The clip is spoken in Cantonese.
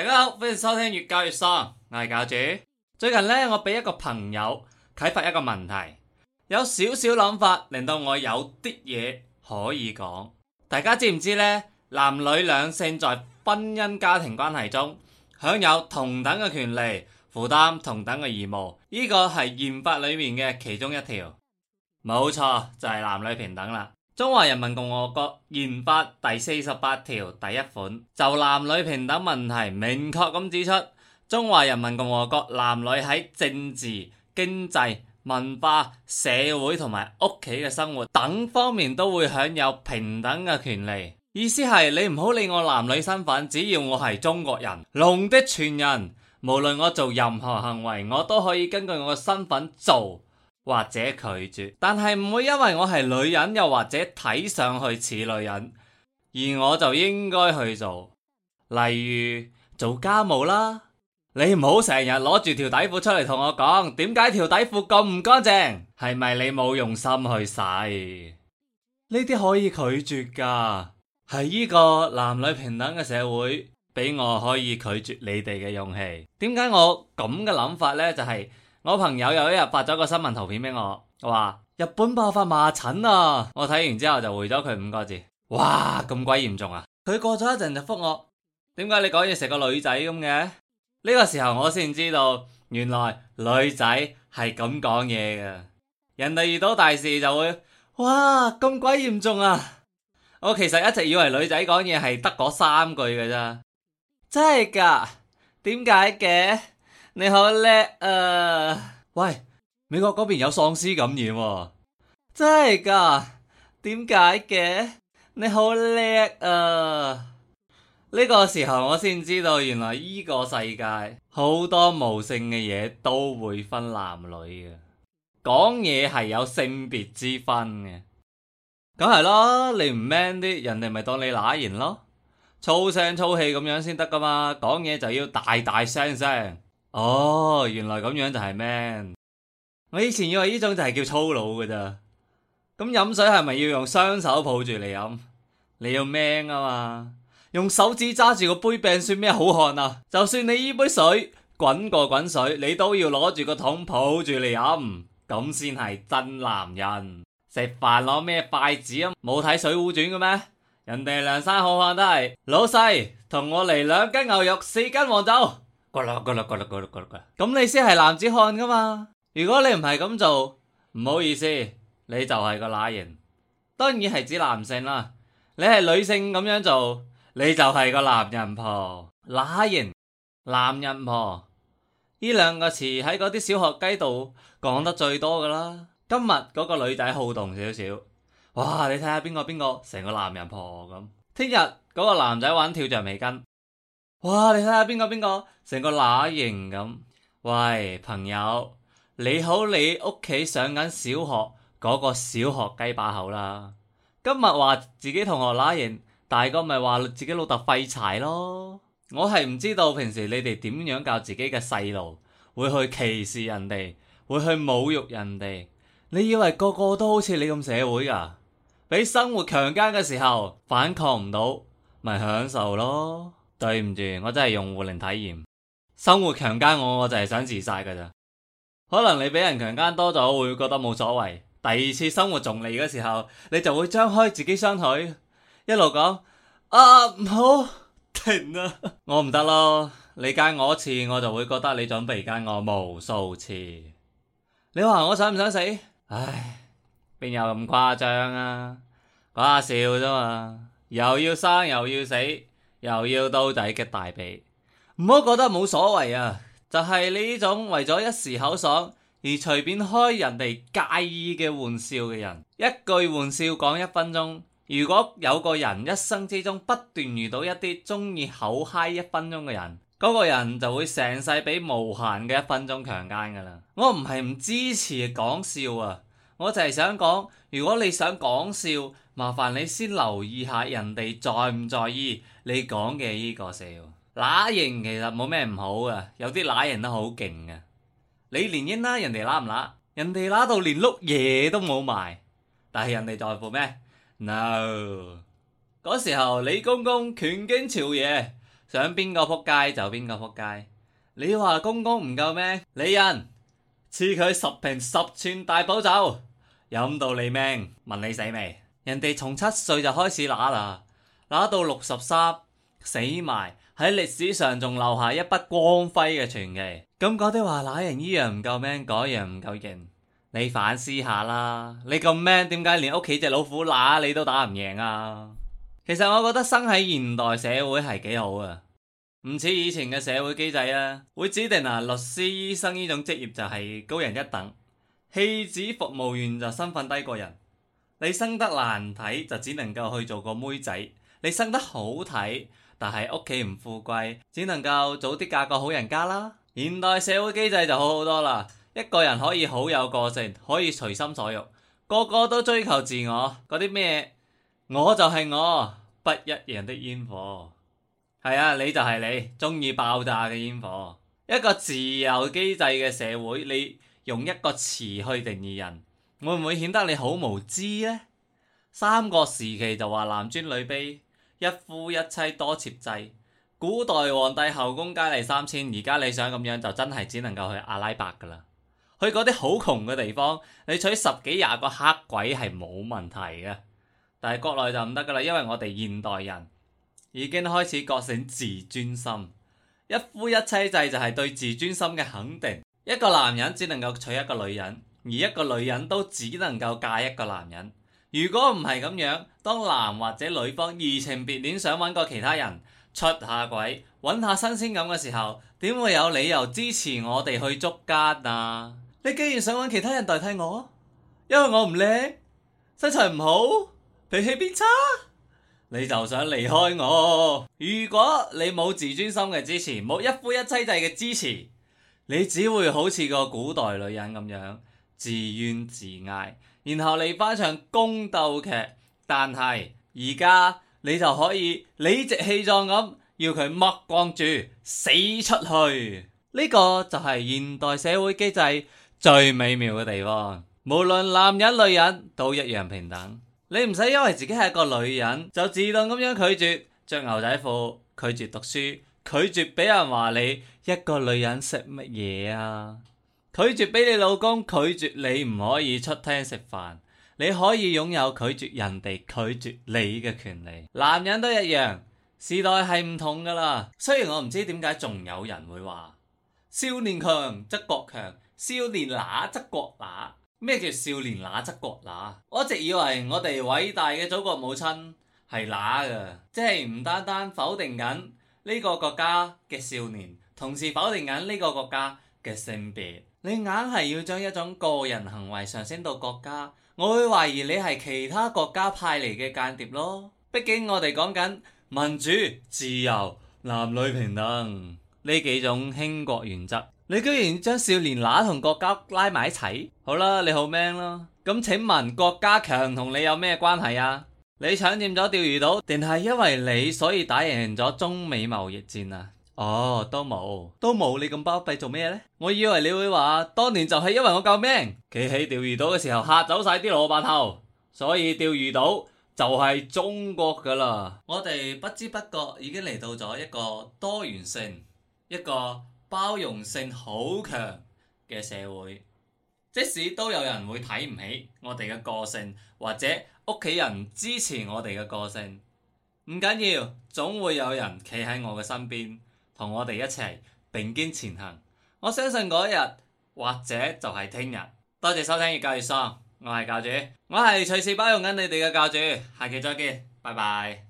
大家好，歡迎收聽粵教粵喪，我係教主。最近呢，我俾一個朋友啟發一個問題，有少少諗法，令到我有啲嘢可以講。大家知唔知呢？男女兩性在婚姻家庭關係中享有同等嘅權利，負擔同等嘅義務，呢、呢個係憲法裏面嘅其中一條。冇錯，就係、係、男女平等啦。中華人民共和國憲法第四十八條第一款就男女平等問題明確咁指出：中華人民共和國男女喺政治、經濟、文化、社會同埋屋企嘅生活等方面都會享有平等嘅權利。意思係你唔好理我男女身份，只要我係中國人，龍的傳人，無論我做任何行為，我都可以根據我嘅身份做，或者拒絕，但係唔會因為我係女人，又或者睇上去似女人，而我就應該去做。例如做家務啦，你唔好成日攞住條底褲出嚟同我講，點解條底褲咁唔乾淨？係咪你冇用心去洗？呢啲可以拒絕噶，係依個男女平等嘅社會，俾我可以拒絕你哋嘅勇氣。點解我咁嘅諗法呢？就係、是。我朋友有一日發咗個新聞圖片俾我，話日本爆發麻疹啊！我睇完之後就回咗佢五個字：哇，咁鬼嚴重啊！佢過咗一陣就複我：點解你講嘢成個女仔咁嘅？呢個時候我先知道，原來女仔係咁講嘢噶。人哋遇到大事就會：哇，咁鬼嚴重啊！我其實一直以為女仔講嘢係得嗰三句噶咋，真係噶？點解嘅？你好叻啊！喂，美國嗰邊有喪屍感染、啊，真係噶？點解嘅？你好叻啊！呢、這個時候我先知道，原來呢個世界好多無性嘅嘢，都會分男女嘅，講嘢係有性別之分嘅。梗係咯，你唔 man 啲，人哋咪當你乸型咯，粗聲粗氣咁樣先得噶嘛，講嘢就要大大聲聲。哦，原來咁樣就係 man。我以前以為呢種就係叫粗魯嘅咋。咁飲水係咪要用雙手抱住嚟飲？你要 man 啊嘛，用手指揸住個杯柄算咩好漢啊？就算你依杯水滾過滾水，你都要攞住個桶抱住嚟飲，咁先係真男人。食飯攞咩筷子啊？冇睇水滸傳嘅咩？人哋梁山好漢都係。老細，同我嚟兩斤牛肉，四斤黃酒。嗰咁你先係男子漢噶嘛？如果你唔係咁做，唔好意思，你就係個乸型。當然係指男性啦，你係女性咁樣做，你就係個男人婆，乸型，男人婆。呢兩個詞喺嗰啲小學雞度講得最多噶啦。今日嗰個女仔好動少少，哇！你睇下邊個邊個成個男人婆咁。聽日嗰個男仔玩跳橡皮筋。哇！你睇下邊個邊個成個乸型咁。喂，朋友你好，你屋企上緊小學嗰個小學雞把口啦。今日話自己同學乸型，大個咪話自己老豆廢柴咯。我係唔知道平時你哋點樣教自己嘅細路會去歧視人哋，會去侮辱人哋。你以為個個都好似你咁社會啊？俾生活強姦嘅時候反抗唔到，咪享受咯？對唔住，我真係用護靈體驗，生活強奸我，我就係想自殺噶咋。可能你俾人強奸多咗，會覺得冇所謂。第二次生活仲嚟嘅時候，你就會張開自己雙腿，一路講啊唔好停啊，停 我唔得咯。你奸我一次，我就會覺得你準備奸我無數次。你話我想唔想死？唉，邊有咁誇張啊？講下笑啫嘛，又要生又要死。又要到底嘅大髀，唔好覺得冇所謂啊！就係你呢種為咗一時口爽而隨便開人哋介意嘅玩笑嘅人，一句玩笑講一分鐘。如果有個人一生之中不斷遇到一啲中意口嗨一分鐘嘅人，嗰個人就會成世俾無限嘅一分鐘強姦㗎喇。我唔係唔支持講笑啊，我淨係想講，如果你想講笑。麻煩你先留意下，人哋在唔在意你講嘅呢個笑？乸、呃、型其實冇咩唔好噶，有啲乸型都好勁噶。李蓮英拉人哋乸唔拉人哋乸、呃、到連碌嘢，都冇埋，但係人哋在乎咩？No，嗰時候李公公權傾朝野，想邊個扑街就邊個扑街。你話公公唔夠咩？你人，賜佢十瓶十串大補酒，飲到你命問你死未？人哋從七歲就開始乸啦，乸到六十三死埋，喺歷史上仲留下一筆光輝嘅傳奇。咁嗰啲話乸人呢樣唔夠 man，嗰樣唔夠型，你反思下啦。你咁 man，點解連屋企隻老虎乸你都打唔贏啊？其實我覺得生喺現代社會係幾好啊。唔似以前嘅社會機制啊，會指定啊，律師、醫生呢種職業就係高人一等，棄子服務員就身份低過人。你生得難睇就只能夠去做個妹仔，你生得好睇但係屋企唔富貴，只能夠早啲嫁個好人家啦。現代社會機制就好好多啦，一個人可以好有個性，可以隨心所欲，個個都追求自我。嗰啲咩，我就係我，不一樣的煙火，係啊，你就係你，中意爆炸嘅煙火。一個自由機制嘅社會，你用一個詞去定義人，會唔會顯得你好無知呢？三國時期就話男尊女卑，一夫一妻多妾制。古代皇帝后宮佳麗三千，而家你想咁樣就真係只能夠去阿拉伯噶啦，去嗰啲好窮嘅地方，你娶十幾廿個黑鬼係冇問題嘅。但係國內就唔得噶啦，因為我哋現代人已經開始覺醒自尊心，一夫一妻制就係對自尊心嘅肯定。一個男人只能夠娶一個女人。而一個女人都只能夠嫁一個男人。如果唔係咁樣，當男或者女方移情別戀，想揾個其他人出下軌，揾下新鮮感嘅時候，點會有理由支持我哋去捉姦啊？你竟然想揾其他人代替我，因為我唔靚，身材唔好，脾氣變差，你就想離開我。如果你冇自尊心嘅支持，冇一夫一妻制嘅支持，你只會好似個古代女人咁樣。自怨自艾，然後嚟翻場宮鬥劇，但係而家你就可以理直氣壯咁要佢目光住死出去，呢個就係現代社會機制最美妙嘅地方。無論男人女人都一樣平等，你唔使因為自己係一個女人就自動咁樣拒絕着牛仔褲、拒絕讀書、拒絕俾人話你一個女人食乜嘢啊！拒絕俾你老公，拒絕你唔可以出廳食飯，你可以擁有拒絕人哋拒絕你嘅權利。男人都一樣，時代係唔同噶啦。雖然我唔知點解仲有人會話少年強則國強，少年乸則國乸。咩叫少年乸則國乸？我一直以為我哋偉大嘅祖國母親係乸噶，即係唔單單否定緊呢個國家嘅少年，同時否定緊呢個國家。嘅性別，你硬係要將一種個人行為上升到國家，我會懷疑你係其他國家派嚟嘅間諜咯。畢竟我哋講緊民主、自由、男女平等呢幾種興國原則，你居然將少年乸同國家拉埋一齊，好啦，你好 man 咯。咁請問國家強同你有咩關係啊？你搶佔咗釣魚島，定係因為你所以打贏咗中美貿易戰啊？哦，都冇，都冇你咁包庇做咩呢？我以為你會話當年就係因為我救命企喺釣魚島嘅時候吓走晒啲蘿蔔頭，所以釣魚島就係中國㗎喇。我哋不知不覺已經嚟到咗一個多元性、一個包容性好強嘅社會，即使都有人會睇唔起我哋嘅個性，或者屋企人支持我哋嘅個性，唔緊要，總會有人企喺我嘅身邊。同我哋一齊並肩前行，我相信嗰日或者就係聽日。多謝收聽《粵教粵喪》，我係教主，我係隨時包容緊你哋嘅教主，下期再見，拜拜。